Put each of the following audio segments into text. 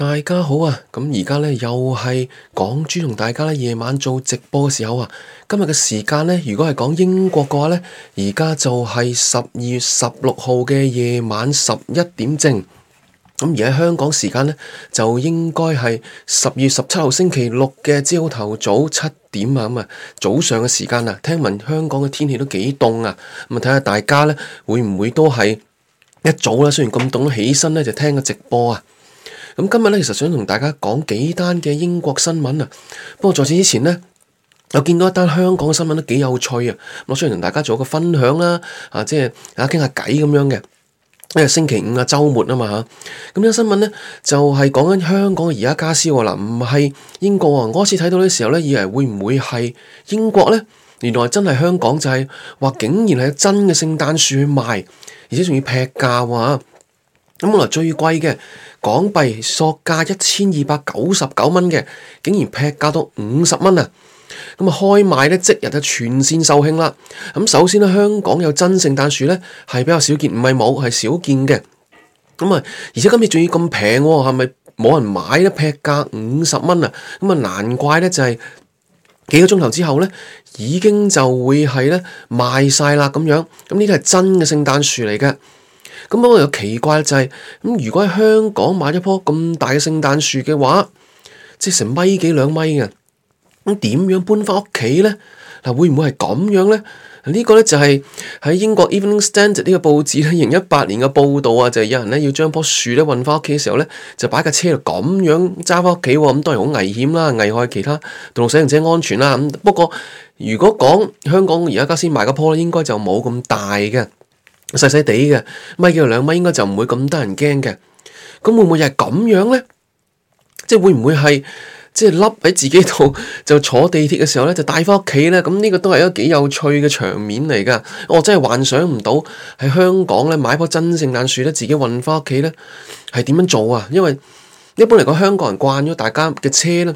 大家好啊！咁而家咧又係港珠同大家咧夜晚做直播嘅時候啊，今日嘅時間咧，如果係講英國嘅話咧，而家就係十二月十六號嘅夜晚十一點正。咁而喺香港時間咧，就應該係十二月十七號星期六嘅朝頭早七點啊！咁啊，早上嘅時間啊，聽聞香港嘅天氣都幾凍啊！咁啊，睇下大家咧會唔會都係一早咧？雖然咁凍，起身咧就聽個直播啊！咁今日咧，其實想同大家講幾單嘅英國新聞啊！不過在此之前咧，我見到一單香港嘅新聞都幾有趣啊！咁我想同大家做一個分享啦、啊，啊，即係啊傾下偈咁樣嘅，因為星期五啊，週末啊嘛嚇。咁呢個新聞咧就係講緊香港而家家私喎啦，嗱，唔係英國啊！我開始睇到嘅時候咧，以為會唔會係英國咧？原來真係香港就係話，竟然係真嘅聖誕樹去賣，而且仲要劈價啊！咁本來最貴嘅港幣索價一千二百九十九蚊嘅，竟然劈價到五十蚊啊！咁啊，開賣咧即日就全線售罄啦。咁首先咧，香港有真聖誕樹咧，係比較少見，唔係冇，係少見嘅。咁啊，而且今次仲要咁平喎，係咪冇人買咧？劈價五十蚊啊！咁啊，難怪咧就係幾個鐘頭之後咧，已經就會係咧賣晒啦咁樣。咁呢啲係真嘅聖誕樹嚟嘅。咁我又奇怪就係，咁如果喺香港買一棵咁大嘅聖誕樹嘅話，即係成米幾兩米嘅，咁點樣搬翻屋企呢？嗱，會唔會係咁樣呢？呢個呢就係喺英國 Evening Standard 呢個報紙喺二零一八年嘅報道啊，就係有人呢要將棵樹呢運翻屋企嘅時候呢，就擺架車度咁樣揸翻屋企，咁當然好危險啦，危害其他道路使用者安全啦。不過如果講香港而家家先買嗰棵咧，應該就冇咁大嘅。細細地嘅，米叫兩米應該就唔會咁得人驚嘅。咁會唔會又係咁樣咧？即係會唔會係即係甩喺自己度，就坐地鐵嘅時候咧，就帶翻屋企咧？咁呢個都係一個幾有趣嘅場面嚟噶。我真係幻想唔到喺香港咧買棵真聖誕樹咧，自己運翻屋企咧係點樣做啊？因為一般嚟講，香港人慣咗大家嘅車咧。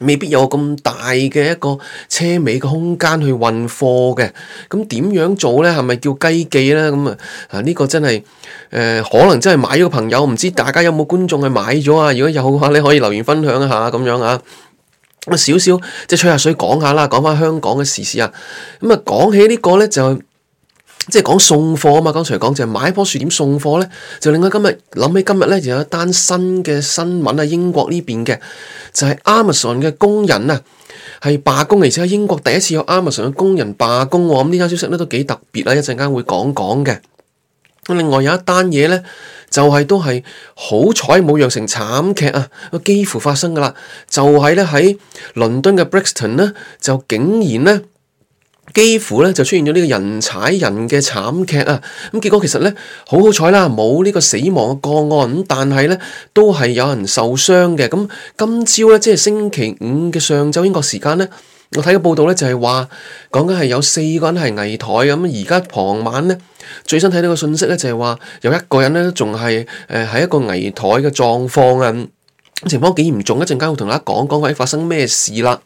未必有咁大嘅一個車尾嘅空間去運貨嘅，咁點樣做呢？係咪叫雞記呢？咁啊啊呢個真係誒、呃，可能真係買咗個朋友，唔知大家有冇觀眾去買咗啊？如果有嘅話，你可以留言分享一下咁樣啊。少少即係吹下水講下啦，講翻香港嘅時事啊。咁啊，講起呢個呢，就。即係講送貨啊嘛！剛才講就係、是、買樖樹點送貨呢，就令我今日諗起今日咧，就有一單新嘅新聞喺英國呢邊嘅就係、是、Amazon 嘅工人啊，係罷工，而且喺英國第一次有 Amazon 嘅工人罷工喎！咁呢單消息咧都幾特別啦，一陣間會講講嘅。另外有一單嘢咧，就係、是、都係好彩冇釀成慘劇啊！幾乎發生噶啦，就係咧喺倫敦嘅 Brixton 咧，就竟然咧～幾乎咧就出現咗呢個人踩人嘅慘劇啊！咁、嗯、結果其實咧好好彩啦，冇呢個死亡嘅個案，咁、嗯、但係咧都係有人受傷嘅。咁、嗯、今朝咧即係星期五嘅上晝英國時間咧，我睇個報道咧就係話講緊係有四個人係危殆咁。而家傍晚咧最新睇到個信息咧就係、是、話有一個人咧仲係誒喺一個危殆嘅狀況啊，情況幾嚴重。一陣間會同大家講講發生咩事啦。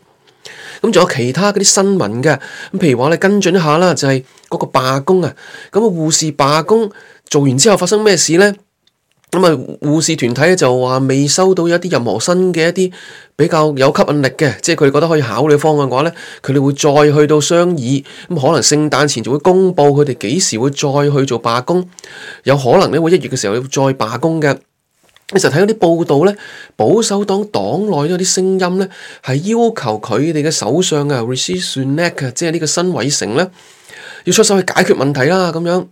咁仲有其他嗰啲新聞嘅，咁譬如話你跟進一下啦，就係嗰個罷工啊，咁啊護士罷工做完之後發生咩事呢？咁啊護士團體就話未收到一啲任何新嘅一啲比較有吸引力嘅，即係佢哋覺得可以考慮方案嘅話呢，佢哋會再去到商議，咁可能聖誕前就會公布佢哋幾時會再去做罷工，有可能咧會一月嘅時候會再罷工嘅。其實睇到啲報道咧，保守黨黨內嗰啲聲音咧，係要求佢哋嘅首相啊 Rishi Sunak 即係呢個辛偉誠，咧，要出手去解決問題啦，咁樣。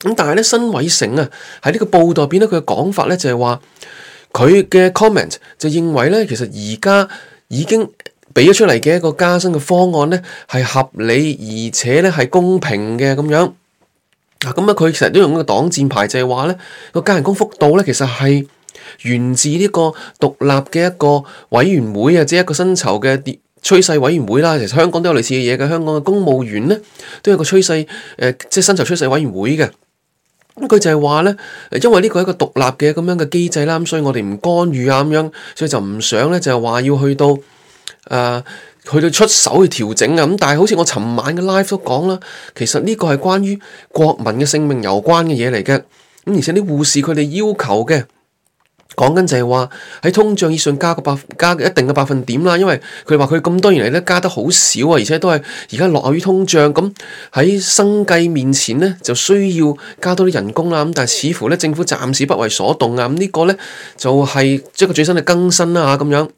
咁但係咧，辛偉誠啊，喺呢個報道入邊咧，佢嘅講法咧就係、是、話，佢嘅 comment 就認為咧，其實而家已經俾咗出嚟嘅一個加薪嘅方案咧，係合理而且咧係公平嘅咁樣。嗱，咁啊，佢、嗯、成日都用嗰個擋箭牌就，就係話咧，個加人工幅度咧，其實係，源自呢個獨立嘅一個委員會啊，即係一個薪酬嘅跌趨勢委員會啦。其實香港都有類似嘅嘢嘅，香港嘅公務員咧都有一個趨勢，誒、呃，即係薪酬趨勢委員會嘅。咁佢就係話咧，因為呢個係一個獨立嘅咁樣嘅機制啦，所以我哋唔干預啊咁樣，所以就唔想咧，就係話要去到誒、呃，去到出手去調整啊。咁但係好似我尋晚嘅 live 都講啦，其實呢個係關於國民嘅性命有關嘅嘢嚟嘅。咁而且啲護士佢哋要求嘅。講緊就係話喺通脹以上加個百加一定嘅百分點啦，因為佢話佢咁多年嚟咧加得好少啊，而且都係而家落後於通脹，咁喺生計面前咧就需要加多啲人工啦，咁但係似乎咧政府暫時不為所動啊，咁、嗯這個、呢個咧就係即係個最新嘅更新啦嚇咁樣。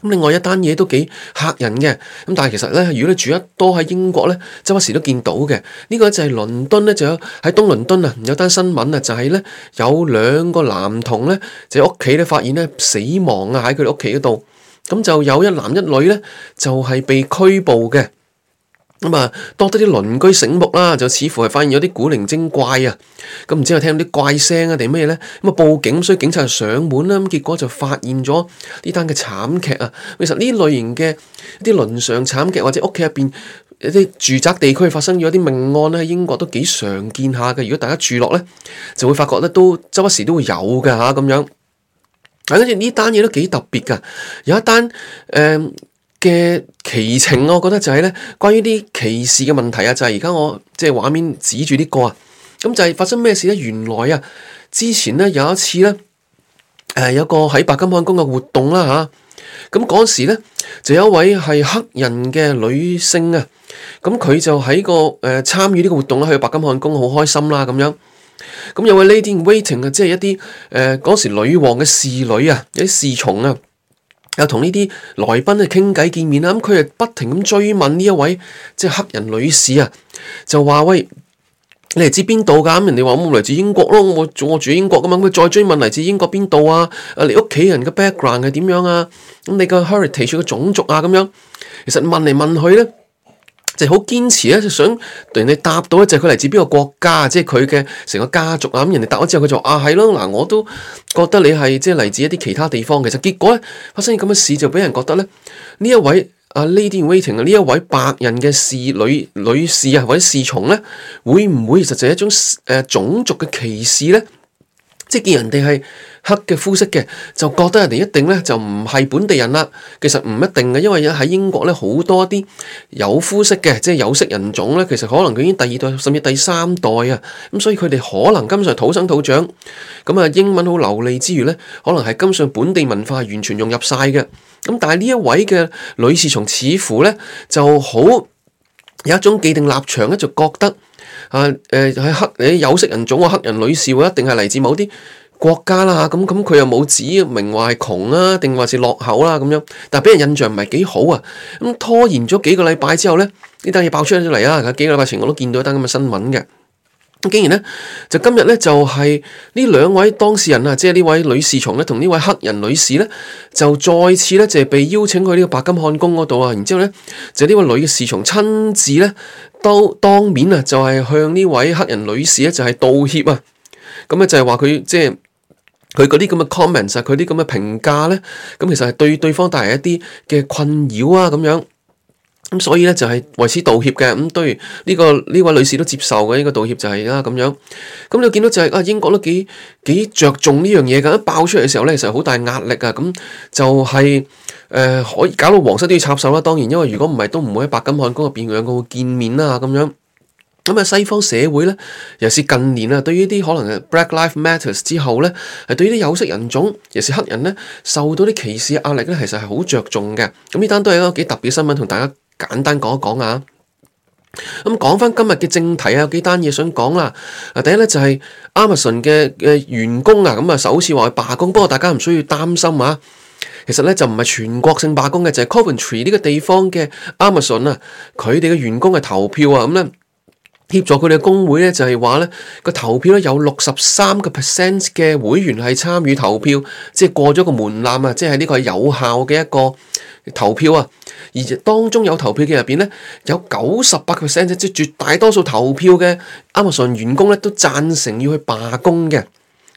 咁另外一單嘢都幾嚇人嘅，咁但係其實呢，如果你住得多喺英國呢，周不時都見到嘅。呢、這個就係倫敦咧，就喺東倫敦啊，有單新聞啊，就係呢，有兩、就是、個男童呢，就喺屋企咧發現死亡啊，喺佢哋屋企嗰度，咁就有一男一女呢，就係、是、被拘捕嘅。咁啊，多得啲鄰居醒目啦，就似乎係發現有啲古靈精怪啊，咁唔知我聽到啲怪聲啊定咩咧？咁啊報警，所以警察就上門啦。咁結果就發現咗呢單嘅慘劇啊。其實呢類型嘅啲倫常慘劇或者屋企入面一啲住宅地區發生咗啲命案咧，喺英國都幾常見下嘅。如果大家住落咧，就會發覺咧都周不時都會有㗎。咁、啊、樣。跟住呢單嘢都幾特別嘅，有一單誒嘅奇情，我覺得就係咧，關於啲歧視嘅問題啊，就係而家我即係畫面指住呢個啊，咁就係發生咩事咧？原來啊，之前咧有一次咧，誒、呃、有個喺白金漢宮嘅活動啦、啊、吓，咁、啊、嗰時咧就有一位係黑人嘅女性啊，咁佢就喺個誒參與呢個活動啦、啊，去白金漢宮好開心啦、啊、咁樣，咁有位 lady-in-waiting 啊，即係一啲誒嗰時女王嘅侍女啊，有啲侍從啊。又同呢啲來賓啊傾偈見面啦，咁佢又不停咁追問呢一位即係、就是、黑人女士啊，就話喂，你嚟自邊度㗎？咁人哋話我嚟自英國咯，我住我住英國咁啊，佢再追問嚟自英國邊度啊？啊，你屋企人嘅 background 係點樣啊？咁你嘅 heritage 嘅種族啊咁樣，其實問嚟問去咧。就好堅持啊！就想人哋答到就係佢嚟自邊個國家，即係佢嘅成個家族啊！咁人哋答咗之後，佢就啊係咯，嗱我都覺得你係即係嚟自一啲其他地方。其實結果咧發生咁嘅事，就俾人覺得咧呢一位啊 Lady Waiting 啊呢一位白人嘅侍女、女士啊或者侍從咧，會唔會其實就係一種誒種族嘅歧視咧？即見人哋係黑嘅膚色嘅，就覺得人哋一定咧就唔係本地人啦。其實唔一定嘅，因為喺英國咧好多啲有膚色嘅，即係有色人種咧，其實可能佢已經第二代甚至第三代啊。咁所以佢哋可能根本上土生土長，咁啊英文好流利之餘咧，可能係根本上本地文化完全融入晒嘅。咁但係呢一位嘅女士，從似乎咧就好有一種既定立場咧，就覺得。啊！誒、呃、喺黑有色人種啊，黑人女士喎，一定係嚟自某啲國家啦，咁咁佢又冇指明話係窮啊，定話係落後啦、啊、咁樣，但係俾人印象唔係幾好啊！咁拖延咗幾個禮拜之後咧，呢單嘢爆出咗嚟啊！幾個禮拜前我都見到一單咁嘅新聞嘅，咁竟然呢，就今日呢，就係呢兩位當事人啊，即係呢位女侍從咧，同呢位黑人女士呢，就再次呢，就係、是、被邀請去呢個白金漢宮嗰度啊，然之後呢，就呢、是、位女嘅侍從親自呢。都當面啊，就係向呢位黑人女士咧，就係道歉啊。咁咧就係話佢即係佢嗰啲咁嘅 comments，佢啲咁嘅評價咧，咁、就是、其實係對對方帶嚟一啲嘅困擾啊咁樣。咁所以咧就係為此道歉嘅。咁、嗯、對於呢個呢位女士都接受嘅呢、這個道歉就係啦咁樣。咁你見到就係、是、啊英國都幾幾着重呢樣嘢噶。一爆出嚟嘅時候咧，其實好大壓力啊。咁、嗯、就係、是。誒、呃，可以搞到皇室都要插手啦。當然，因為如果唔係，都唔會喺白金漢宮入邊兩個會見面啦。咁樣咁啊、嗯，西方社會咧，尤其是近年啊，對於啲可能誒，Black Lives Matters 之後咧，係對呢啲有色人種，尤其是黑人咧，受到啲歧視的壓力咧，其實係好着重嘅。咁呢單都係一個幾特別新聞，同大家簡單講一講啊。咁、嗯、講翻今日嘅正題啊，有幾單嘢想講啦。第一咧就係、是、Amazon 嘅嘅、呃、員工啊、咁、呃、啊、呃呃呃，首次話佢罷工。不過大家唔需要擔心啊。其實咧就唔係全國性罷工嘅，就係 Coventry 呢個地方嘅 Amazon 啊，佢哋嘅員工嘅投票啊，咁咧協助佢哋嘅工會咧就係話咧個投票咧有六十三個 percent 嘅會員係參與投票，即係過咗個門檻啊，即係呢個係有效嘅一個投票啊。而當中有投票嘅入邊咧，有九十八個 percent，即係絕大多數投票嘅 Amazon 員工咧都贊成要去罷工嘅。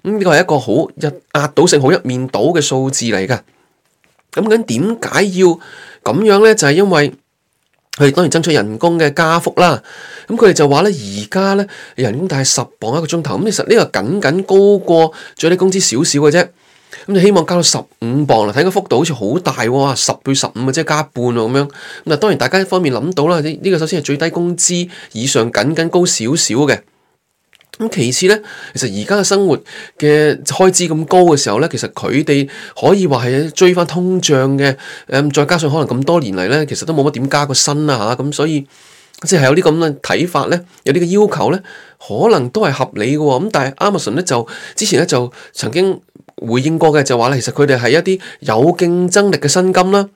咁呢個係一個好一壓倒性好一面倒嘅數字嚟噶。咁緊點解要咁樣咧？就係、是、因為佢哋當然爭取人工嘅加幅啦。咁佢哋就話咧，而家咧人工大係十磅一個鐘頭。咁其實呢個僅僅高過最低工資少少嘅啫。咁就希望加到十五磅啦。睇個幅度好似好大喎、哦，十對十五啊，即係加一半喎咁樣。咁啊，當然大家一方面諗到啦，呢呢個首先係最低工資以上，僅僅高少少嘅。咁其次咧，其實而家嘅生活嘅開支咁高嘅時候咧，其實佢哋可以話係追翻通脹嘅，誒，再加上可能咁多年嚟咧，其實都冇乜點加個薪啦嚇，咁所以即係、就是、有啲咁嘅睇法咧，有啲嘅要求咧，可能都係合理嘅喎、啊。咁但係 Amazon 咧就之前咧就曾經回應過嘅就話咧，其實佢哋係一啲有競爭力嘅薪金啦。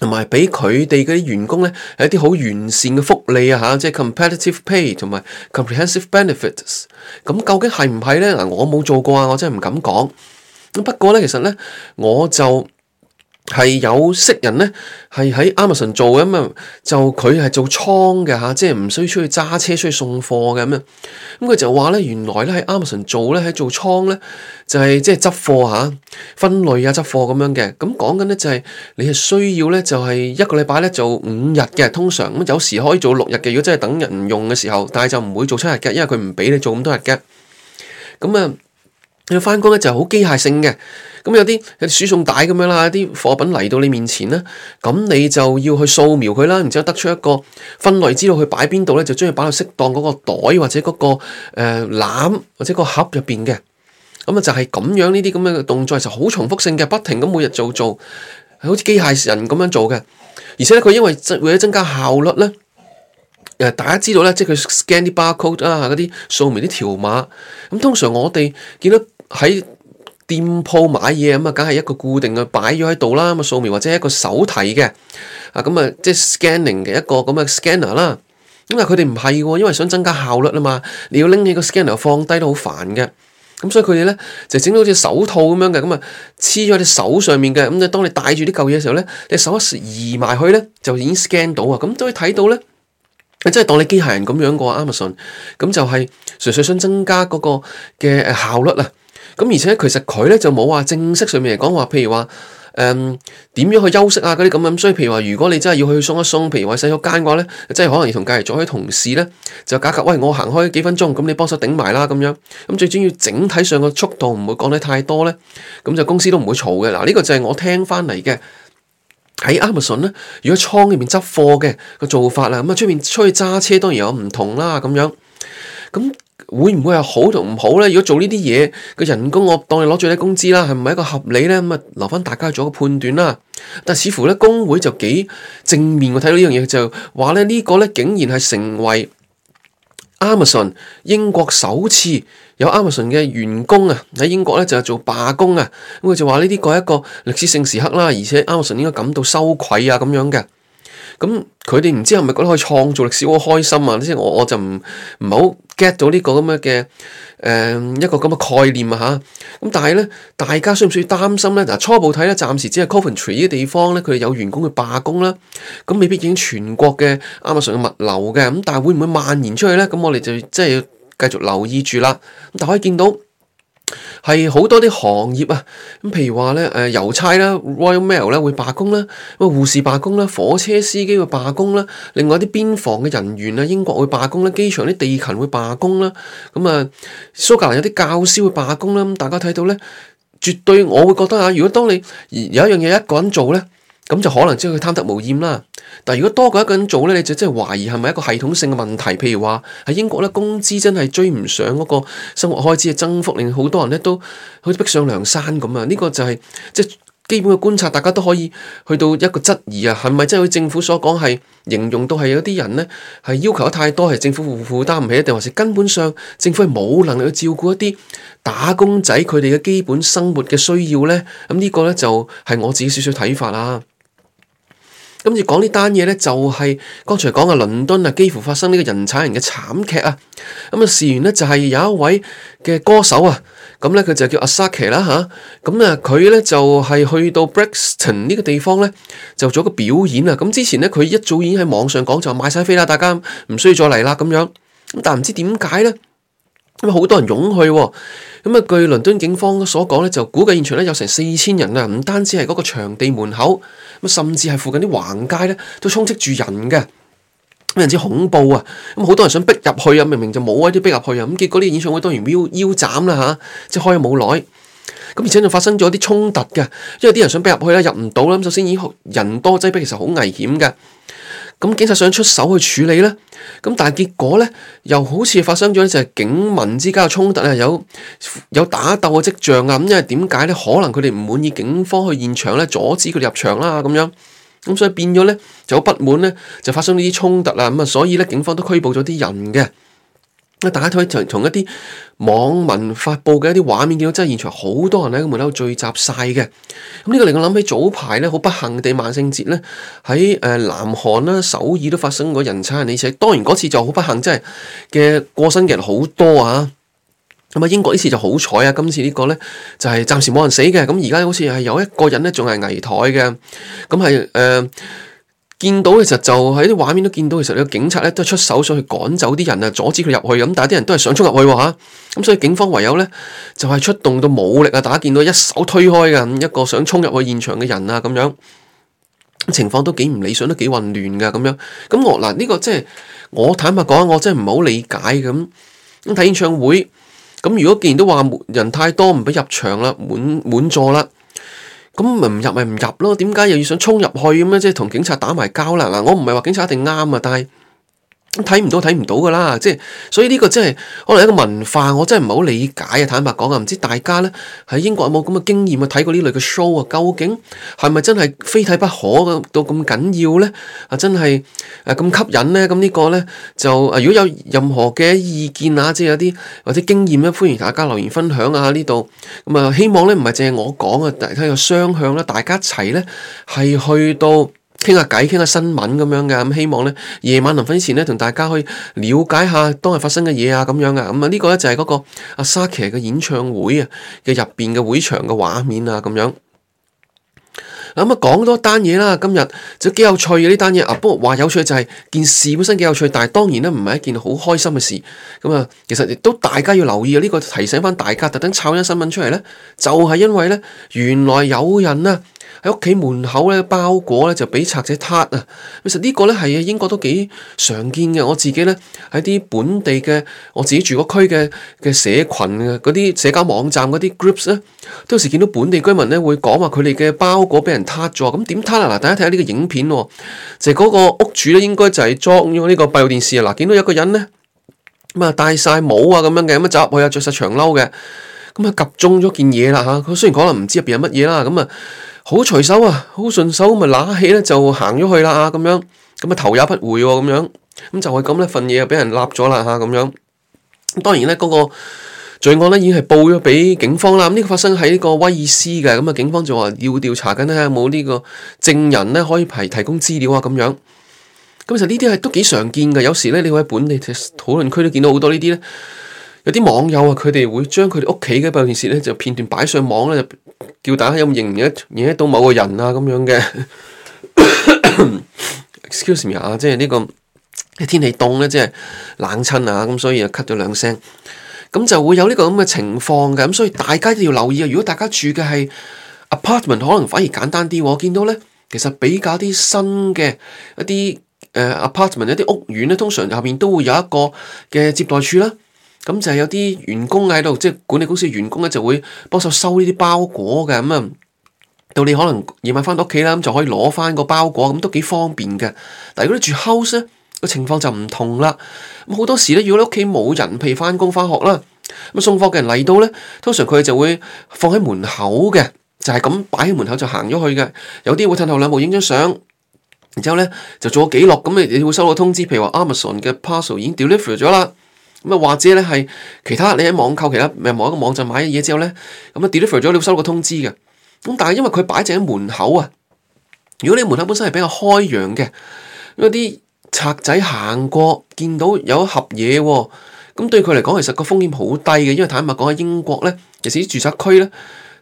同埋俾佢哋嗰啲員工咧係一啲好完善嘅福利啊吓，即係 competitive pay 同埋 comprehensive benefits。咁究竟係唔係咧？嗱，我冇做過啊，我真係唔敢講。不過咧，其實咧我就。係有識人咧，係喺 Amazon 做咁、嗯、啊，就佢係做倉嘅吓，即係唔需要出去揸車、出去送貨嘅咁。咁佢就話咧，原來咧喺 Amazon 做咧，喺做倉咧就係即係執貨吓、分類啊、執貨咁樣嘅。咁講緊咧就係你係需要咧，就係、是、一個禮拜咧做五日嘅，通常咁、嗯、有時可以做六日嘅。如果真係等人用嘅時候，但係就唔會做七日嘅，因為佢唔俾你做咁多日嘅。咁、嗯、啊。你翻工咧就係好機械性嘅，咁有啲有啲輸送帶咁樣啦，啲貨品嚟到你面前咧，咁你就要去掃描佢啦，然之後得出一個分類，知道佢擺邊度咧，就將佢擺到適當嗰個袋或者嗰個誒、呃、籃或者個盒入邊嘅。咁啊，就係咁樣呢啲咁樣嘅動作就好重複性嘅，不停咁每日做做，好似機械人咁樣做嘅。而且咧，佢因為為咗增加效率咧、呃，大家知道咧，即係佢 scan 啲 barcode 啊，嗰啲掃描啲條碼。咁通常我哋見到。喺店鋪買嘢咁啊，梗係一個固定嘅擺咗喺度啦。咁啊，掃描或者一個手提嘅啊，咁啊，即係 scanning 嘅一個咁嘅 scanner 啦。咁但佢哋唔係，因為想增加效率啊嘛。你要拎起個 scanner 放低都好煩嘅。咁所以佢哋咧就整到好似手套咁樣嘅，咁啊黐咗喺隻手上面嘅。咁你當你戴住啲舊嘢嘅時候咧，你手一移埋去咧就已經 scan 到啊。咁都可以睇到咧，即係當你機械人咁樣過 Amazon。咁就係純粹想增加嗰個嘅效率啊。咁而且其實佢咧就冇話正式上面嚟講話，譬如話誒點樣去休息啊嗰啲咁樣，所以譬如話如果你真係要去送一送，譬如話洗手間嘅話咧，即係可能要同隔離咗啲同事咧，就假設喂、哎、我行開幾分鐘，咁你幫手頂埋啦咁樣，咁最主要整體上個速度唔會降得太多咧，咁就公司都唔會嘈嘅。嗱、這、呢個就係我聽翻嚟嘅喺 Amazon 咧，如果倉裏面執貨嘅個做法啦，咁啊出面出去揸車當然有唔同啦咁樣，咁。會唔會係好同唔好咧？如果做呢啲嘢，個人工我當你攞最低工資啦，係唔係一個合理咧？咁啊，留翻大家做一個判斷啦。但似乎咧工會就幾正面，我睇到呢樣嘢就話咧呢個咧竟然係成為 Amazon 英國首次有 Amazon 嘅員工啊喺英國咧就係、是、做罷工啊！咁佢就話呢啲個係一個歷史性時刻啦，而且 Amazon 應該感到羞愧啊咁樣嘅。咁佢哋唔知係咪覺得可以創造力少開心啊？即係我我就唔唔好 get 到呢個咁嘅誒一個咁嘅概念啊咁但係咧，大家需唔需要擔心咧？嗱，初步睇咧，暫時只係 Coventry 啲地方咧，佢哋有員工去罷工啦。咁未必已經全國嘅啱啱上嘅物流嘅咁，但係會唔會蔓延出去咧？咁我哋就即係繼續留意住啦。咁但係可以見到。係好多啲行業啊，咁譬如話咧，誒郵差啦，Royal Mail 呢，會罷工啦，咁護士罷工啦，火車司機會罷工啦，另外啲邊防嘅人員啊，英國會罷工啦，機場啲地勤會罷工啦，咁啊蘇格蘭有啲教師會罷工啦，咁大家睇到咧，絕對我會覺得啊，如果當你有一樣嘢，一個人做咧。咁就可能即係佢貪得無厭啦。但係如果多過一個人做咧，你就真係懷疑係咪一個系統性嘅問題？譬如話喺英國咧，工資真係追唔上嗰個生活開支嘅增幅，令好多人咧都好似逼上梁山咁啊！呢個就係即係基本嘅觀察，大家都可以去到一個質疑啊，係咪真係佢政府所講係形容到係有啲人咧係要求得太多，係政府負負擔唔起，定還是根本上政府係冇能力去照顧一啲打工仔佢哋嘅基本生活嘅需要咧？咁呢個咧就係我自己少少睇法啦。今次講呢單嘢呢，就係剛才講嘅倫敦啊，幾乎發生呢個人踩人嘅慘劇啊。咁啊，事緣呢，就係有一位嘅歌手啊，咁呢，佢就叫 Asake 啦吓，咁啊，佢呢就係去到 Brixton 呢個地方呢，就做一個表演啊。咁之前呢，佢一早已經喺網上講就賣晒飛啦，大家唔需要再嚟啦咁樣。咁但唔知點解呢。咁好多人湧去，咁啊據倫敦警方所講咧，就估計現場咧有成四千人啊，唔單止係嗰個場地門口，咁甚至係附近啲橫街咧都充斥住人嘅，非常之恐怖啊！咁好多人想逼入去啊，明明就冇啊，啲逼入去啊，咁結果啲演唱會當然腰腰斬啦吓，即係開咗冇耐，咁而且仲發生咗啲衝突嘅，因為啲人想逼入去咧，入唔到啦。咁首先已經人多擠逼，其實好危險嘅。咁警察想出手去處理咧，咁但係結果咧，又好似發生咗就係警民之間嘅衝突啊，有有打鬥嘅跡象啊，咁因為點解咧？可能佢哋唔滿意警方去現場咧阻止佢哋入場啦，咁樣，咁所以變咗咧就好不滿咧，就發生呢啲衝突啦，咁啊，所以咧警方都拘捕咗啲人嘅。大家睇，同一啲網民發布嘅一啲畫面，見到真係現場好多人喺個門口聚集晒嘅。咁呢個令我諗起早排咧，好不幸地，萬聖節咧喺誒南韓啦、首爾都發生過人踩人事，當然嗰次就好不幸，即係嘅過身嘅人好多啊。咁啊，英國呢次就好彩啊，今次呢個咧就係暫時冇人死嘅。咁而家好似係有一個人咧，仲係危殆嘅。咁係誒。見到其實就喺啲畫面都見到，其實個警察咧都係出手想去趕走啲人啊，阻止佢入去咁，但係啲人都係想衝入去喎吓，咁、啊、所以警方唯有咧就係、是、出動到武力啊，大家見到一手推開嘅一個想衝入去現場嘅人啊，咁樣情況都幾唔理想，都幾混亂噶咁樣。咁我嗱呢、這個即、就、係、是、我坦白講，我真係唔係好理解咁咁睇演唱會，咁如果既然都話人太多唔俾入場啦，滿滿座啦。咁咪唔入咪唔入咯，點解又要想衝入去咁咧？即係同警察打埋交啦嗱，我唔係話警察一定啱啊，但係。咁睇唔到睇唔到噶啦，即係所以呢個真係可能一個文化，我真係唔係好理解啊！坦白講啊，唔知大家呢喺英國有冇咁嘅經驗啊，睇過呢類嘅 show 啊，究竟係咪真係非睇不可到咁緊要呢？啊，真係誒咁吸引呢？咁呢個呢，就、啊、如果有任何嘅意見啊，即係有啲或者經驗呢，歡迎大家留言分享啊！呢度咁啊，希望呢唔係淨係我講啊，大家有雙向啦，大家一齊呢，係去到。傾下偈，傾下新聞咁樣嘅，咁希望咧夜晚臨瞓前咧，同大家去了解下當日發生嘅嘢啊，咁樣啊，咁啊呢個咧就係嗰個阿沙奇嘅演唱會啊嘅入邊嘅會場嘅畫面啊，咁樣。咁啊，講多單嘢啦，今日就幾有趣呢單嘢啊，不過話有趣就係件事本身幾有趣，但係當然咧唔係一件好開心嘅事。咁啊，其實亦都大家要留意啊，呢個提醒翻大家，特登抄一新聞出嚟咧，就係因為咧，原來有人啊。喺屋企門口咧，包裹咧就俾拆仔塌賊仔撻啊！其實呢個咧係英國都幾常見嘅。我自己咧喺啲本地嘅我自己住個區住嗰區嘅嘅社群啊，嗰啲社交網站嗰啲 groups 咧，都有時見到本地居民咧會講話佢哋嘅包裹俾人撻咗。咁點撻啊？嗱，大家睇下呢個影片喎、哦，就係、是、嗰個屋主咧應該就係裝咗呢個閉路電視啊！嗱，見到有個人咧咁啊，戴晒帽啊咁樣嘅，咁啊走入去又着曬長褸嘅，咁啊集中咗件嘢啦嚇。佢雖然可能唔知入邊有乜嘢啦，咁啊～好隨手啊，好順手咪揦起咧就行咗去啦啊，咁、啊、樣咁啊頭也不回喎、啊，咁樣咁就係咁咧份嘢又俾人笠咗啦吓，咁樣。當然咧嗰、那個罪案咧已經係報咗俾警方啦。咁呢個發生喺呢個威爾斯嘅，咁啊警方就話要調查緊咧有冇呢個證人咧可以提提供資料啊咁樣。咁其實呢啲係都幾常見㗎，有時咧你會喺本地討論區都見到好多呢啲咧。有啲網友啊，佢哋會將佢哋屋企嘅暴件事咧，就片段擺上網咧，就叫大家有冇認嘢，認得到某個人啊，咁樣嘅。 Excuse me 啊，即係呢、呢個天氣凍咧，即係冷親啊，咁所以啊咳咗兩聲，咁就會有呢個咁嘅情況嘅。咁所以大家都要留意啊。如果大家住嘅係 apartment，可能反而簡單啲。我見到咧，其實比較啲新嘅一啲誒、呃、apartment，一啲屋苑咧，通常下邊都會有一個嘅接待處啦。咁、嗯、就係、是、有啲員工喺度，即、就、係、是、管理公司員工咧，就會幫手收呢啲包裹嘅咁啊。到你可能夜晚翻到屋企啦，咁、嗯、就可以攞翻個包裹，咁、嗯、都幾方便嘅。但如果你住 house 咧，個情況就唔同啦。咁、嗯、好多時咧，如果你屋企冇人，譬如翻工翻學啦，咁、嗯、送貨嘅人嚟到咧，通常佢就會放喺門口嘅，就係咁擺喺門口就行咗去嘅。有啲會褪後兩步影張相，然之後咧就做記錄，咁、嗯、你會收到通知，譬如話 Amazon 嘅 parcel 已經 deliver 咗啦。咁啊，或者咧係其他你喺網購其他唔係某一個網站買嘢之後咧，咁啊 delivery 咗你會收個通知嘅。咁但係因為佢擺正喺門口啊，如果你門口本身係比較開揚嘅，因為有啲賊仔行過見到有一盒嘢，咁對佢嚟講其實個風險好低嘅。因為坦白講喺英國咧，尤其是啲住宅區咧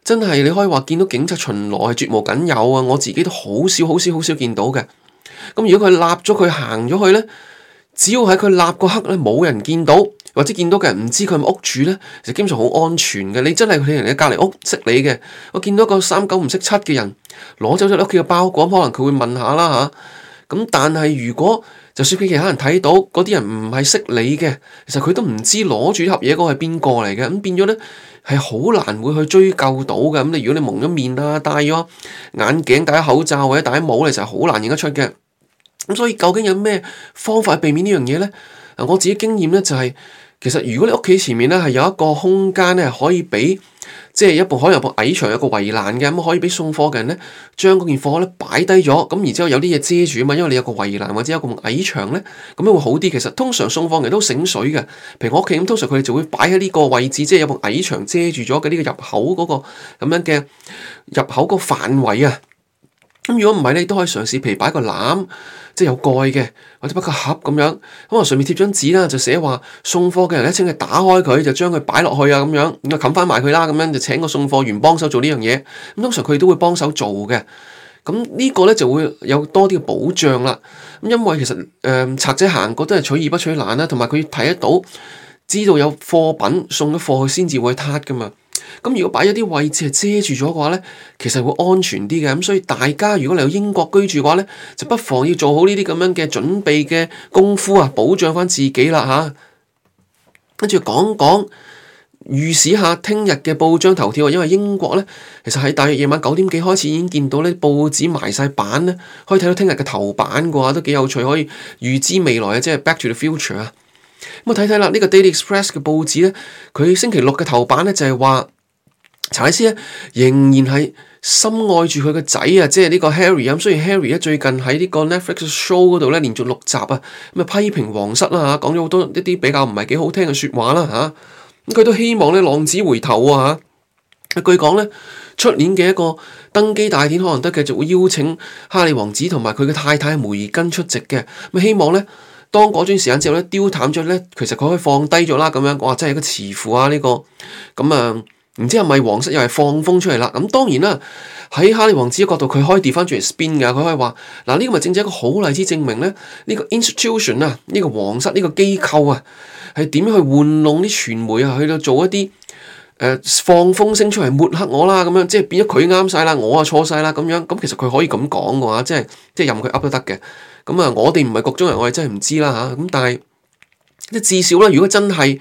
真係你可以話見到警察巡邏係絕無僅有啊！我自己都好少好少好少見到嘅。咁如果佢立咗佢行咗去咧。只要喺佢立個刻咧，冇人見到，或者見到嘅人唔知佢係屋主咧，就基本上好安全嘅。你真係喺人哋隔離屋識你嘅，我見到個三九唔識七嘅人攞走咗屋企嘅包裹，咁可能佢會問下啦吓？咁但係如果就算俾其他人睇到，嗰啲人唔係識你嘅，其實佢都唔知攞住盒嘢嗰個係邊個嚟嘅，咁變咗咧係好難會去追究到嘅。咁你如果你蒙咗面啊，戴咗眼鏡、戴口罩或者戴帽咧，就係好難認得出嘅。咁所以究竟有咩方法去避免呢樣嘢呢？我自己經驗呢，就係、是，其實如果你屋企前面呢係有一個空間呢，可以俾即係一部可能有部矮牆有個圍欄嘅，咁可以俾送貨嘅人呢將嗰件貨呢擺低咗，咁然之後有啲嘢遮住啊嘛，因為你有個圍欄或者有個個矮牆呢，咁樣會好啲。其實通常送貨嘅人都醒水嘅，譬如我屋企咁，通常佢哋就會擺喺呢個位置，即係有部矮牆遮住咗嘅呢個入口嗰、那個咁樣嘅入口個範圍啊。咁如果唔係你都可以嘗試譬如擺個籃，即係有蓋嘅，或者不夠盒咁樣。咁啊，上面貼張紙啦，就寫話送貨嘅人咧，請佢打開佢，就將佢擺落去啊，咁樣咁啊，冚翻埋佢啦，咁樣就請個送貨員幫手做呢樣嘢。咁通常佢哋都會幫手做嘅。咁呢個咧就會有多啲嘅保障啦。咁因為其實誒、呃，賊仔行過都係取易不取難啦，同埋佢睇得到，知道有貨品送咗貨，佢先至會撻㗎嘛。咁如果擺一啲位置係遮住咗嘅話呢，其實會安全啲嘅。咁、嗯、所以大家如果嚟到英國居住嘅話呢，就不妨要做好呢啲咁樣嘅準備嘅功夫啊，保障翻自己啦嚇。跟住講講預示下聽日嘅報章頭條啊，因為英國呢，其實喺大約夜晚九點幾開始已經見到呢報紙埋晒版呢，可以睇到聽日嘅頭版嘅話都幾有趣，可以預知未來嘅即係 Back to the Future 啊。咁我睇睇啦，呢、這個 Daily Express 嘅報紙呢，佢星期六嘅頭版呢，就係、是、話。查理斯咧，仍然係深愛住佢個仔啊，即係呢個 Harry 咁。雖然 Harry 咧，最近喺呢個 Netflix show 嗰度咧連續六集啊，咁啊批評皇室啦吓，講咗好多一啲比較唔係幾好聽嘅說話啦吓。咁佢都希望咧浪子回頭啊吓。據講咧，出年嘅一個登基大典可能都繼續會邀請哈利王子同埋佢嘅太太梅根出席嘅。咁、啊、希望咧，當嗰段時間之後咧，丟淡咗咧，其實佢可以放低咗啦。咁樣哇，真係一個慈父啊，呢個咁啊。這個這樣啊唔知係咪皇室又係放風出嚟啦？咁當然啦，喺哈利王子嘅角度，佢可以跌翻轉嚟 spin 㗎。佢可以話：嗱，呢個咪正正一個好例子，證明咧呢、這個 institution 啊，呢、這個皇室呢個機構啊，係點樣去玩弄啲傳媒啊，去到做一啲、呃、放風聲出嚟抹黑我啦咁樣，即係變咗佢啱晒啦，我啊錯晒啦咁樣。咁其實佢可以咁講嘅話，即係即係任佢噏都得嘅。咁啊，我哋唔係局中人，我哋真係唔知啦吓，咁、啊、但係，即至少呢，如果真係。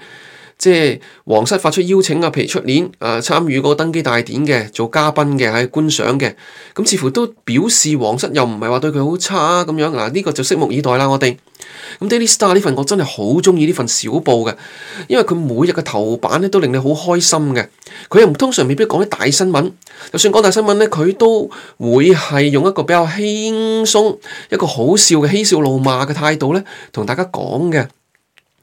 即係皇室發出邀請啊，譬如出年啊、呃、參與嗰個登基大典嘅做嘉賓嘅喺觀賞嘅，咁似乎都表示皇室又唔係話對佢好差咁樣嗱，呢個就拭目以待啦，我哋。咁 Daily Star 呢份我真係好中意呢份小報嘅，因為佢每日嘅頭版咧都令你好開心嘅，佢又唔通常未必講啲大新聞，就算講大新聞咧，佢都會係用一個比較輕鬆一個好笑嘅嬉笑怒罵嘅態度咧同大家講嘅。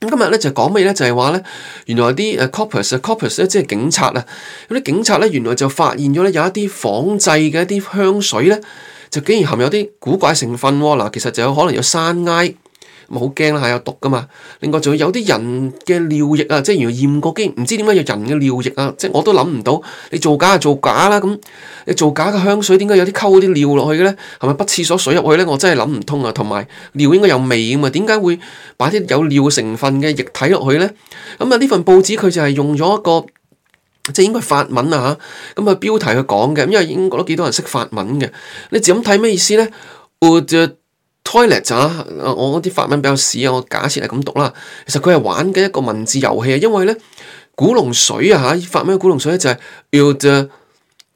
今日咧就講咩咧？就係話咧，原來啲誒 Coppers 啊，Coppers 咧，即係警察啊。咁啲警察咧，原來就發現咗咧，有一啲仿製嘅一啲香水咧，就竟然含有啲古怪成分。嗱，其實就有可能有山埃。冇好驚啦，係有毒噶嘛。另外仲要有啲人嘅尿液啊，即係原來驗過經唔知點解有人嘅尿液啊，即係我都諗唔到。你做假就做假啦，咁你做假嘅香水點解有啲溝啲尿落去嘅咧？係咪不廁所水入去咧？我真係諗唔通啊。同埋尿應該有味噶嘛，點解會擺啲有尿成分嘅液體落去咧？咁啊，呢份報紙佢就係用咗一個即係應該係法文啊嚇。咁啊標題去講嘅，因為已經覺得幾多人識法文嘅，你咁睇咩意思咧 w o toilet 就啊，et, 我我啲法文比較屎啊，我假設係咁讀啦。其實佢係玩嘅一個文字遊戲啊，因為咧古龍水啊嚇，法文古龍水咧就係、是、用 the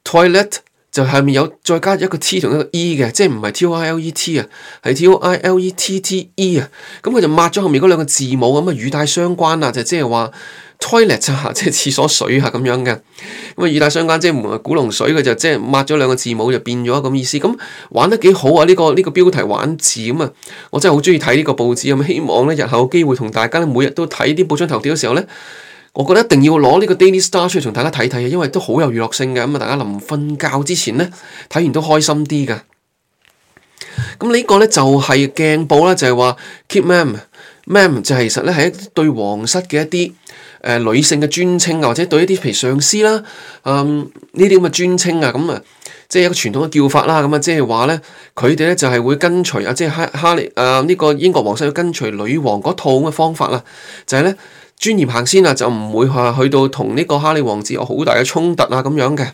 toilet 就下面有再加一個 t 同一個 e 嘅，即係唔係 toilet 啊，係 toilette 啊，咁佢、e e e, 就抹咗後面嗰兩個字母咁啊，語帶相關啊，就即係話。toilet 即係廁所水吓咁樣嘅。咁啊，語帶相關即係古龍水，佢就即係抹咗兩個字母，就變咗咁意思。咁玩得幾好啊！呢、呢個呢、呢個標題玩字咁啊，我真係好中意睇呢個報紙咁。希望呢，日後有機會同大家每日都睇啲報章頭條嘅時候呢，我覺得一定要攞呢個 Daily Star 出嚟同大家睇睇啊，因為都好有娛樂性嘅。咁啊，大家臨瞓覺之前呢，睇完都開心啲噶。咁呢個呢，就係鏡報啦，就係、是、話 Keep M M 就係、是、其實呢，係一對皇室嘅一啲。誒、呃、女性嘅尊稱啊，或者對一啲譬如上司啦、呃，嗯呢啲咁嘅尊稱啊，咁啊，即係一個傳統嘅叫法啦。咁、嗯、啊，即係話咧，佢哋咧就係會跟隨啊，即係哈哈利啊呢、呃呢個英國皇室要跟隨女王嗰套咁嘅方法啦，就係、是、咧尊嚴行先啊，就唔會話去到同呢個哈利王子有好大嘅衝突啊咁樣嘅。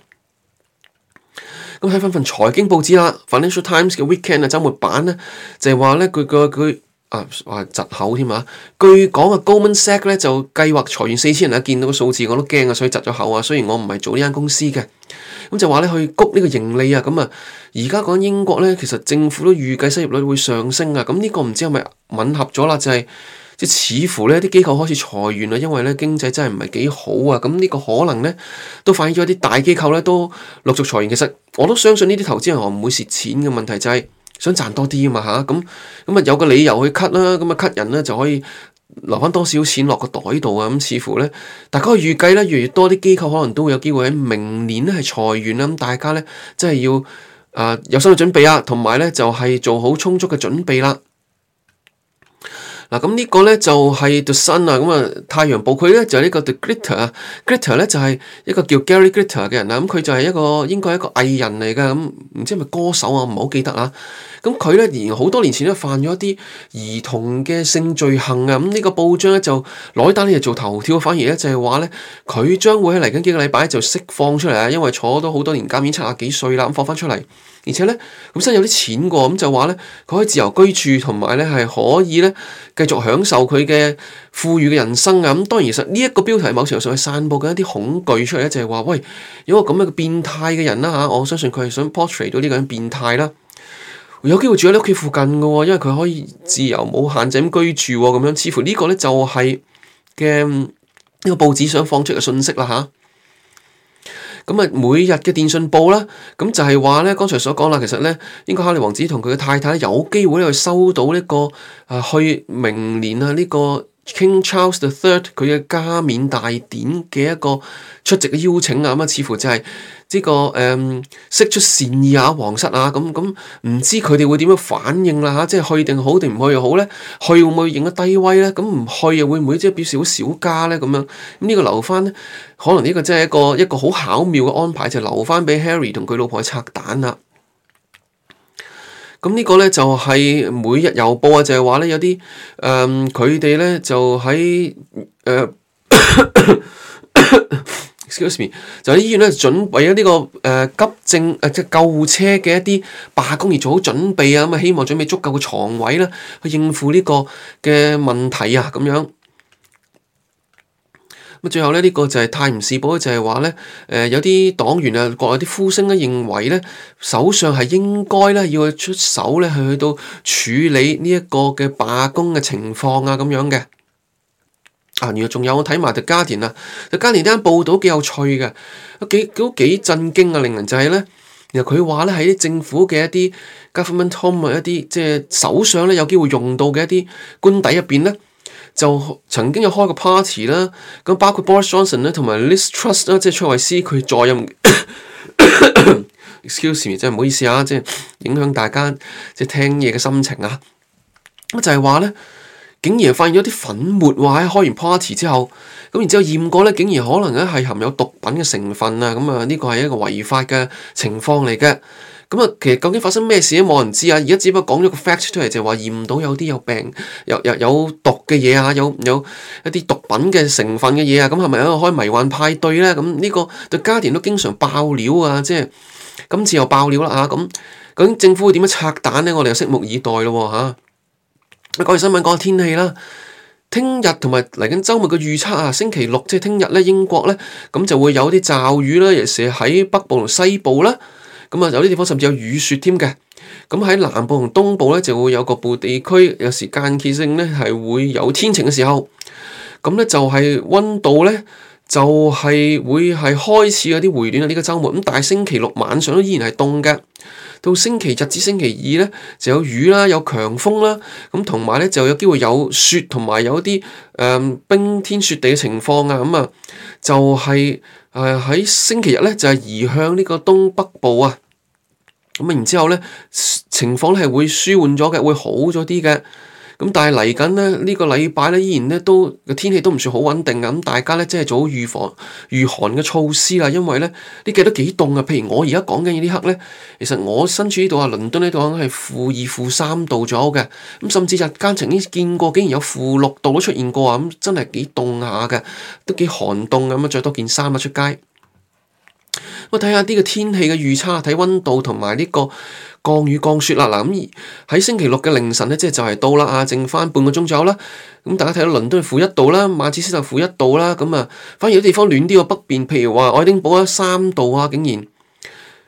咁睇翻份財經報紙啦，了《Financial Times》嘅 Weekend 啊週末版咧，就係話咧佢個佢。啊，話窒口添啊！據講啊，Goldman Sachs 咧就計劃裁員四千人啊！見到個數字我都驚啊，所以窒咗口啊。雖然我唔係做呢間公司嘅，咁就話咧去谷呢個盈利啊。咁啊，而家講英國咧，其實政府都預計失業率會上升啊。咁呢個唔知係咪吻合咗啦？就係、係、即似乎呢啲機構開始裁員啊，因為咧經濟真係唔係幾好啊。咁呢個可能咧都反映咗一啲大機構咧都陸續裁員。其實我都相信呢啲投資人我唔會蝕錢嘅問題就係、係。想賺多啲啊嘛嚇，咁咁啊有個理由去 cut 啦，咁啊 cut 人咧就可以留翻多少錢落個袋度啊，咁似乎咧大家預計咧越來越多啲機構可能都會有機會喺明年咧係裁員啦，咁大家咧真係要啊、呃、有心理準備啊，同埋咧就係、是、做好充足嘅準備啦。嗱，咁呢個咧就係 The Sun 啊，咁啊太陽報佢咧就係呢個 The Glitter 啊，Glitter 咧就係一個叫 Gary Glitter 嘅人啊，咁佢就係一個應該係一個藝人嚟㗎，咁唔知係咪歌手啊，唔係好記得啦，咁佢咧而好多年前都犯咗一啲兒童嘅性罪行啊，咁、這、呢個報章咧就攞單呢嘢做頭條，反而咧就係話咧佢將會喺嚟緊幾個禮拜就釋放出嚟啊，因為坐咗好多年監面七十幾歲啦，咁放翻出嚟。而且咧，本身有啲錢喎，咁就話咧，佢可以自由居住，同埋咧係可以咧繼續享受佢嘅富裕嘅人生啊！咁當然，其實呢一個標題某程度上係散播緊一啲恐懼出嚟，就係話：喂，有個咁樣嘅變態嘅人啦嚇，我相信佢係想 portray 到呢個人變態啦。有機會住喺你屋企附近嘅喎，因為佢可以自由冇限制咁居住喎，咁樣似乎個呢個咧就係嘅呢個報紙想放出嘅信息啦嚇。咁啊，每日嘅電訊報啦，咁就係話咧，剛才所講啦，其實咧，英國哈利王子同佢嘅太太有機會去收到呢、這個啊，去明年啊呢個 King Charles the Third 佢嘅加冕大典嘅一個出席嘅邀請啊，咁啊，似乎就係、是。呢、這個誒釋、嗯、出善意啊，皇室啊，咁咁唔知佢哋會點樣反應啦、啊、即係去定好定唔去又好咧？去會唔會認得低威咧？咁唔去又會唔會即係表示好少家咧？咁樣咁呢、這個留翻咧，可能呢個即係一個一個好巧妙嘅安排，就是、留翻俾 Harry 同佢老婆拆彈啦。咁、嗯這個、呢個咧就係、是、每日郵報啊，就係話咧有啲誒佢哋咧就喺誒。呃 Excuse me, 就喺醫院咧，準備咗呢個誒、呃、急症誒即係救護車嘅一啲罷工而做好準備啊！咁啊，希望準備足夠嘅床位啦，去應付呢個嘅問題啊，咁樣。咁啊，最後咧，呢、呢個就係泰晤士報就係話咧，有啲黨員啊，各有啲呼聲咧，認為咧首相係應該咧要去出手咧，去去到處理呢一個嘅罷工嘅情況啊，咁樣嘅。仲有我睇埋 The Guardian 啊，The Guardian 呢新聞報道幾有趣嘅，幾都幾震驚啊！令人就係咧，然後佢話咧喺政府嘅一啲 government home 啊，一啲即係首相咧有機會用到嘅一啲官邸入邊咧，就曾經有開個 party 啦。咁包括 Boris Johnson 咧，同埋 Liz Truss 啦，即係卓慧思佢在任。excuse me，真係唔好意思啊，即係影響大家即係聽嘢嘅心情啊。咁就係話咧。竟然發現咗啲粉末，哇！喺開完 party 之後，咁然之後驗過咧，竟然可能咧係含有毒品嘅成分啊！咁啊，呢個係一個違法嘅情況嚟嘅。咁啊，其實究竟發生咩事咧，冇人知啊！而家只不過講咗個 fact 出嚟，就係話驗到有啲有病、有有有毒嘅嘢啊，有有一啲毒品嘅成分嘅嘢啊，咁係咪喺度開迷幻派對咧？咁、這、呢個對家庭都經常爆料啊，即係今次又爆料啦啊！咁究竟政府會點樣拆彈咧？我哋又拭目以待咯嚇。講完新聞，講下天氣啦。聽日同埋嚟緊周末嘅預測啊，星期六即係聽日咧，英國咧咁就會有啲驟雨啦，尤其喺北部同西部啦，咁啊有啲地方甚至有雨雪添嘅。咁喺南部同東部咧，就會有局部地區有時間歇性咧係會有天晴嘅時候。咁咧就係溫度咧。就係會係開始有啲回暖啊！呢、這個周末咁，但係星期六晚上都依然係凍嘅。到星期日至星期二咧，就有雨啦，有強風啦。咁同埋咧，就有機會有雪同埋有啲、呃、冰天雪地嘅情況啊。咁啊、就是，就係喺星期日咧，就係、是、移向呢個東北部啊。咁啊，然之後咧，情況咧係會舒緩咗嘅，會好咗啲嘅。咁但係嚟緊咧，呢個禮拜咧依然咧都個天氣都唔算好穩定，咁大家咧即係做好預防御寒嘅措施啦，因為咧呢幾日都幾凍啊！譬如我而家講緊呢刻咧，其實我身處呢度啊，倫敦呢度係負二負三度左右嘅，咁甚至日間曾經見過竟然有負六度都出現過啊！咁真係幾凍下嘅，都幾寒凍咁啊，着多件衫啊出街。我睇下啲嘅天氣嘅預測，睇温度同埋呢個降雨，降雪啦嗱。咁喺星期六嘅凌晨咧，即係就係到啦啊，剩翻半個鐘左右啦。咁大家睇到倫敦負一度啦，曼徹斯特負一度啦。咁啊，反而有啲地方暖啲個北邊，譬如話愛丁堡啊，三度啊，竟然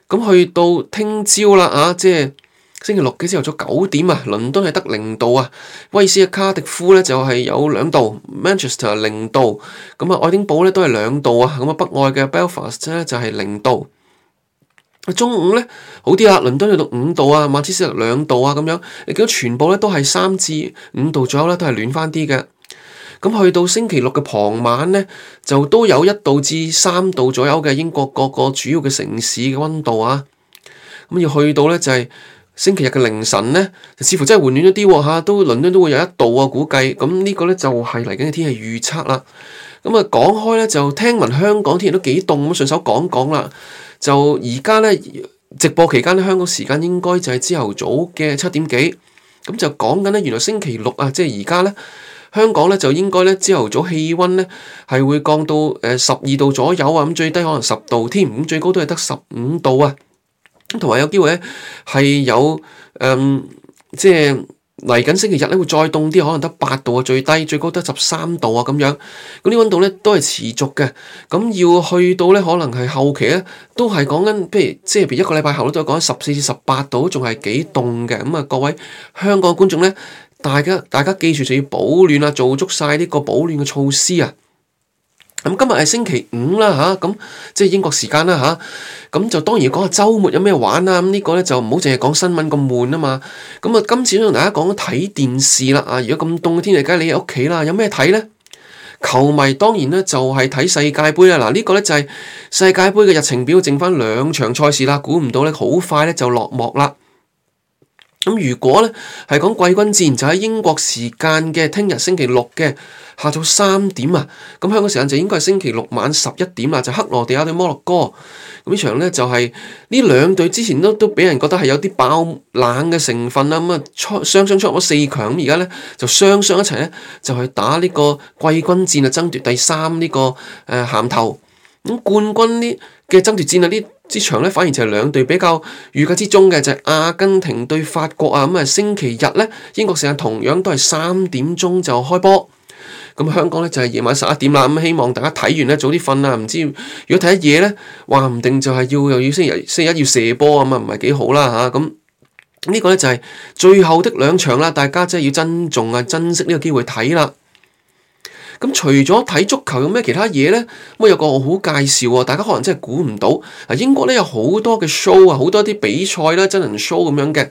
咁去到聽朝啦啊，即係。星期六嘅朝頭早九點啊，倫敦係得零度啊，威斯嘅卡迪夫咧就係有兩度，Manchester 零度，咁啊愛丁堡咧都係兩度啊，咁啊北愛嘅 Belfast 咧就係零度。中午咧好啲啊，倫敦去到五度啊，Manchester 兩度啊，咁樣你見到全部咧都係三至五度左右咧，都係暖翻啲嘅。咁去到星期六嘅傍晚咧，就都有一度至三度左右嘅英國各個主要嘅城市嘅溫度啊。咁要去到咧就係、是。星期日嘅凌晨呢，似乎真係回暖咗啲喎吓，都倫敦都會有一度啊，估計咁呢個呢，就係嚟緊嘅天氣預測啦。咁啊講開呢，就聽聞香港天氣都幾凍咁，順手講講啦。就而家呢，直播期間呢，香港時間應該就係朝頭早嘅七點幾，咁就講緊呢，原來星期六啊，即係而家呢，香港呢，就應該呢，朝頭早氣温呢係會降到誒十二度左右啊，咁最低可能十度添，咁最高都係得十五度啊。同埋有機會咧，係有誒，即係嚟緊星期日咧，會再凍啲，可能得八度啊，最低最高得十三度啊，咁樣。咁啲溫度咧都係持續嘅。咁要去到咧，可能係後期咧，都係講緊，譬如即係一個禮拜後都係講緊十四至十八度，仲係幾凍嘅。咁啊，各位香港觀眾咧，大家大家記住就要保暖啊，做足晒呢個保暖嘅措施啊！咁今日係星期五啦吓，咁即係英國時間啦吓，咁就當然要講下周末有咩玩啦。咁呢個咧就唔好淨係講新聞咁悶啊嘛。咁啊，今次都同大家講睇電視啦。啊，如果咁凍嘅天氣，梗係你喺屋企啦。有咩睇呢？球迷當然咧就係睇世界杯啦。嗱，呢個咧就係世界杯嘅日程表，剩翻兩場賽事啦。估唔到咧，好快咧就落幕啦。咁如果咧係講季軍戰，就喺英國時間嘅聽日星期六嘅下晝三點啊，咁香港時間就應該係星期六晚十一點啦，就克羅地亞對摩洛哥，咁呢場咧就係呢兩隊之前都都俾人覺得係有啲爆冷嘅成分啦，咁啊雙雙出咗四強，咁而家咧就雙雙一齊咧就去打呢個季軍戰啊，爭奪第三呢個誒銜頭，咁冠軍呢嘅爭奪戰啊呢。之場咧，反而就係兩隊比較預計之中嘅，就係、是、阿根廷對法國啊。咁、嗯、啊，星期日咧，英國時間同樣都係三點鐘就開波。咁香港咧就係、是、夜晚十一點啦。咁、嗯、希望大家睇完咧早啲瞓啊。唔知如果睇一夜咧，話唔定就係要又要星期星期一要射波、嗯、啊。咁、嗯、啊，唔係幾好啦嚇。咁呢個咧就係、是、最後的兩場啦，大家真係要珍重啊，珍惜呢個機會睇啦。咁除咗睇足球，有咩其他嘢呢？咁有個我好介紹啊、哦，大家可能真係估唔到啊英國咧有好多嘅 show 啊，好多啲比賽啦真人 show 咁樣嘅。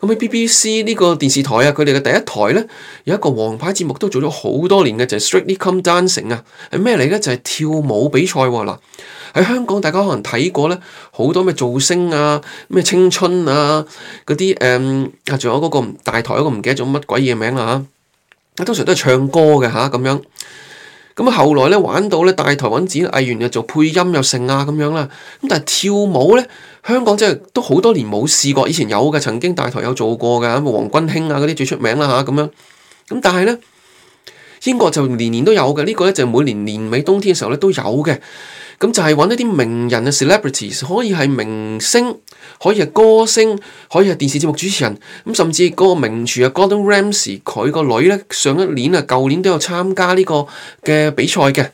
咁喺 BBC 呢個電視台啊，佢哋嘅第一台呢，有一個王牌節目都做咗好多年嘅，就係、是、Strictly Come Dancing 啊，係咩嚟呢？就係、是、跳舞比賽喎、哦。嗱喺香港大家可能睇過呢，好多咩造星啊、咩青春啊嗰啲誒啊，仲、嗯、有嗰個大台嗰、那個唔記得咗乜鬼嘢名啦。通常都係唱歌嘅嚇咁樣，咁啊後來咧玩到咧大台揾紙，藝員又做配音又成啊咁樣啦。咁但係跳舞咧，香港真係都好多年冇試過，以前有嘅，曾經大台有做過嘅，黃君興啊嗰啲最出名啦嚇咁樣。咁但係咧，英國就年年都有嘅，呢個咧就每年年尾冬天嘅時候咧都有嘅。咁就係揾一啲名人嘅 celebrities，可以係明星。可以係歌星，可以係電視節目主持人，咁甚至嗰個名廚啊，Gordon Ramsay 佢個女咧，上一年啊，舊年都有參加呢個嘅比賽嘅。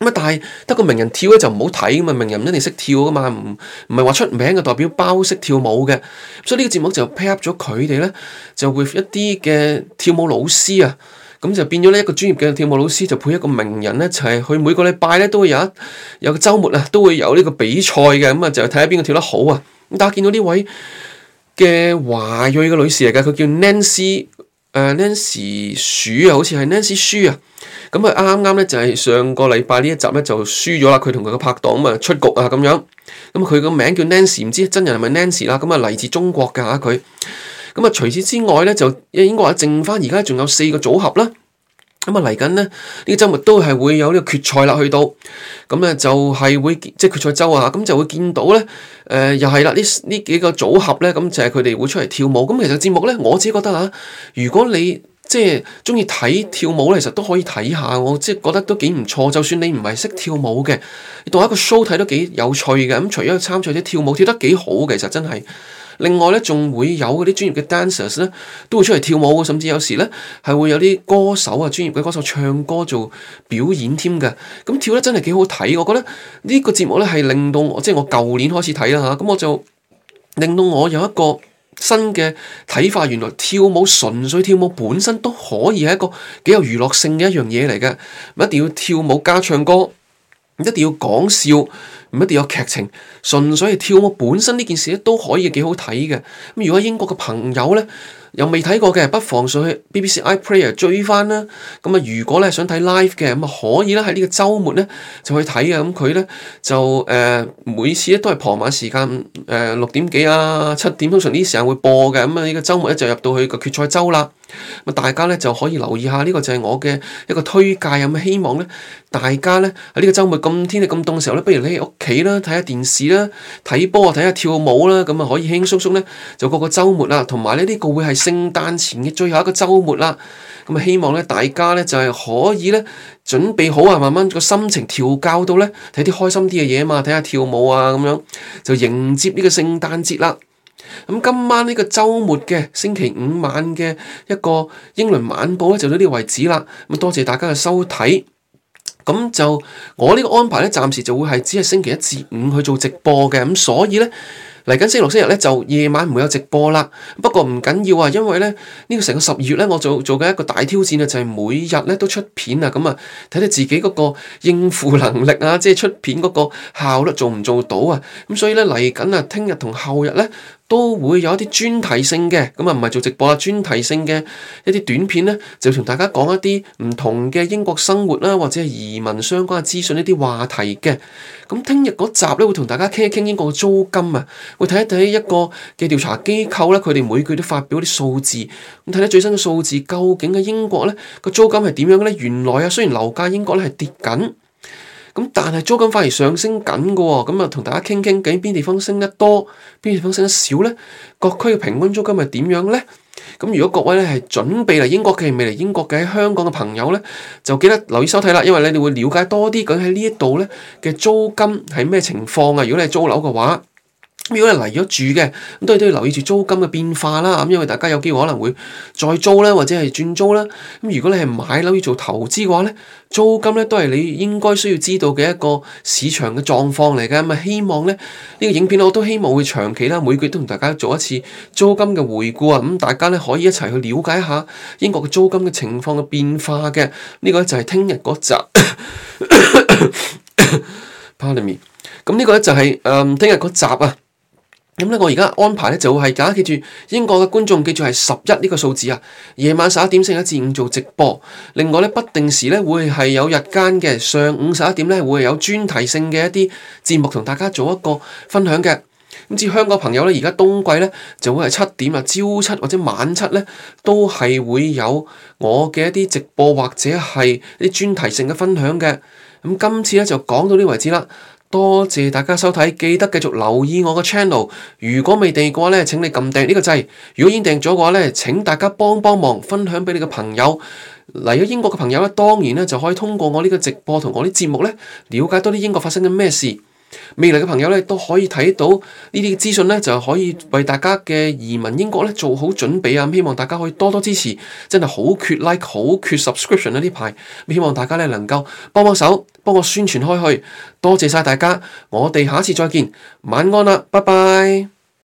咁啊，但係得個名人跳咧就唔好睇啊嘛！名人唔一定識跳噶嘛，唔唔係話出名嘅代表包識跳舞嘅。所以呢個節目就 pair up 咗佢哋咧，就 with 一啲嘅跳舞老師啊，咁就變咗呢一個專業嘅跳舞老師就配一個名人咧，就係去每個禮拜咧都會有一有個周末啊，都會有呢個比賽嘅。咁啊，就睇下邊個跳得好啊！咁但係見到呢位嘅華裔嘅女士嚟嘅，佢叫 Nancy、呃、Nancy，誒 Nancy 鼠啊，好似係 Nancy 舒啊。咁啊，啱啱咧就係上個禮拜呢一集咧就輸咗啦，佢同佢嘅拍檔啊出局啊咁樣。咁佢個名叫 Nancy，唔知真人係咪 Nancy 啦。咁啊，嚟自中國㗎佢。咁啊，除此之外咧就應該話剩翻，而家仲有四個組合啦。咁啊，嚟緊呢，呢、這個周末都係會有呢個決賽啦，去到咁咧就係會即係、就是、決賽周啊，咁就會見到咧，誒、呃、又係啦呢呢幾個組合咧，咁就係佢哋會出嚟跳舞。咁其實節目咧，我自己覺得啊，如果你即係中意睇跳舞咧，其實都可以睇下，我即係覺得都幾唔錯。就算你唔係識跳舞嘅，你當一個 show 睇都幾有趣嘅。咁除咗參賽者跳舞跳得幾好，其實真係。另外咧，仲會有嗰啲專業嘅 dancers 咧，都會出嚟跳舞，甚至有時咧係會有啲歌手啊，專業嘅歌手唱歌做表演添嘅。咁跳得真係幾好睇，我覺得呢個節目咧係令到我即係、就是、我舊年開始睇啦嚇，咁我就令到我有一個新嘅睇法，原來跳舞純粹跳舞本身都可以係一個幾有娛樂性嘅一樣嘢嚟嘅，唔一定要跳舞加唱歌。唔一定要講笑，唔一定要有劇情，純粹係跳舞本身呢件事咧都可以幾好睇嘅。咁如果英國嘅朋友咧又未睇過嘅，不妨上去 BBC iPlayer 追翻啦。咁啊，如果咧想睇 live 嘅咁啊，可以咧喺呢個週末咧就去睇啊。咁佢咧就誒、呃、每次咧都係傍晚時間誒六、呃、點幾啊七點，通常呢時間會播嘅。咁、嗯、啊，呢、呢個週末咧就入到去個決賽週啦。咁大家咧就可以留意下呢個就係我嘅一個推介，咁希望咧大家咧喺呢個週末咁天氣咁凍嘅時候咧，不如你喺屋企啦，睇下電視啦，睇波啊，睇下跳舞啦，咁啊可以輕鬆鬆咧就過個週末啦，同埋咧呢個會係聖誕前嘅最後一個週末啦，咁啊希望咧大家咧就係可以咧準備好啊，慢慢個心情調教到咧睇啲開心啲嘅嘢啊嘛，睇下跳舞啊咁樣就迎接呢個聖誕節啦。咁今晚呢個周末嘅星期五晚嘅一個《英倫晚報》咧就到呢啲為止啦。咁多謝大家嘅收睇。咁就我呢個安排咧，暫時就會係只係星期一至五去做直播嘅。咁所以咧嚟緊星期六星、星期日咧就夜晚唔會有直播啦。不過唔緊要啊，因為咧呢、呢個成個十二月咧，我做做緊一個大挑戰啊，就係、是、每日咧都出片啊。咁啊睇睇自己嗰個應付能力啊，即係出片嗰個效率做唔做到啊。咁所以咧嚟緊啊，聽日同後日咧。都會有一啲專題性嘅，咁啊唔係做直播啦，專題性嘅一啲短片呢，就同大家講一啲唔同嘅英國生活啦，或者係移民相關嘅資訊呢啲話題嘅。咁聽日嗰集呢，會同大家傾一傾英國嘅租金啊，會睇一睇一個嘅調查機構呢，佢哋每個月都發表啲數字，咁睇睇最新嘅數字，究竟喺英國呢個租金係點樣嘅呢？原來啊，雖然樓價英國呢係跌緊。但係租金反而上升緊噶喎，咁啊同大家傾傾究竟邊地方升得多，邊地方升得少呢？各區嘅平均租金係點樣呢？咁如果各位咧係準備嚟英國嘅，未嚟英國嘅喺香港嘅朋友呢，就記得留意收睇啦，因為咧你會了解多啲究竟喺呢一度呢嘅租金係咩情況啊？如果你係租樓嘅話。如果你嚟咗住嘅，咁都都要留意住租金嘅變化啦，咁因為大家有機會可能會再租啦，或者係轉租啦。咁如果你係買樓要做投資嘅話咧，租金咧都係你應該需要知道嘅一個市場嘅狀況嚟嘅。咁、嗯、啊，希望咧呢、這個影片我都希望會長期啦，每個月都同大家做一次租金嘅回顧啊。咁、嗯、大家咧可以一齊去了解一下英國嘅租金嘅情況嘅變化嘅。呢、這個咧就係聽日嗰集 Pardon me，咁呢個咧就係誒聽日嗰集啊。咁咧，我而家安排咧就係，大家記住，英國嘅觀眾記住係十一呢個數字啊，夜晚十一點先一至五做直播。另外咧，不定時咧會係有日間嘅上午十一點咧會有專題性嘅一啲節目同大家做一個分享嘅。咁至於香港朋友咧，而家冬季咧就會係七點啊、朝七或者晚七咧都係會有我嘅一啲直播或者係一啲專題性嘅分享嘅。咁今次咧就講到呢個位置啦。多謝大家收睇，記得繼續留意我嘅 channel。如果未訂嘅話呢，請你撳訂呢個掣。如果已經訂咗嘅話呢，請大家幫幫忙，分享俾你嘅朋友。嚟咗英國嘅朋友呢，當然呢，就可以通過我呢個直播同我啲節目呢，了解多啲英國發生緊咩事。未來嘅朋友呢，都可以睇到呢啲資訊呢，就可以為大家嘅移民英國呢做好準備啊！希望大家可以多多支持，真係好缺 like，好缺 subscription 呢呢排希望大家呢，能夠幫幫手。幫我宣傳開去，多謝晒大家，我哋下次再見，晚安啦，拜拜。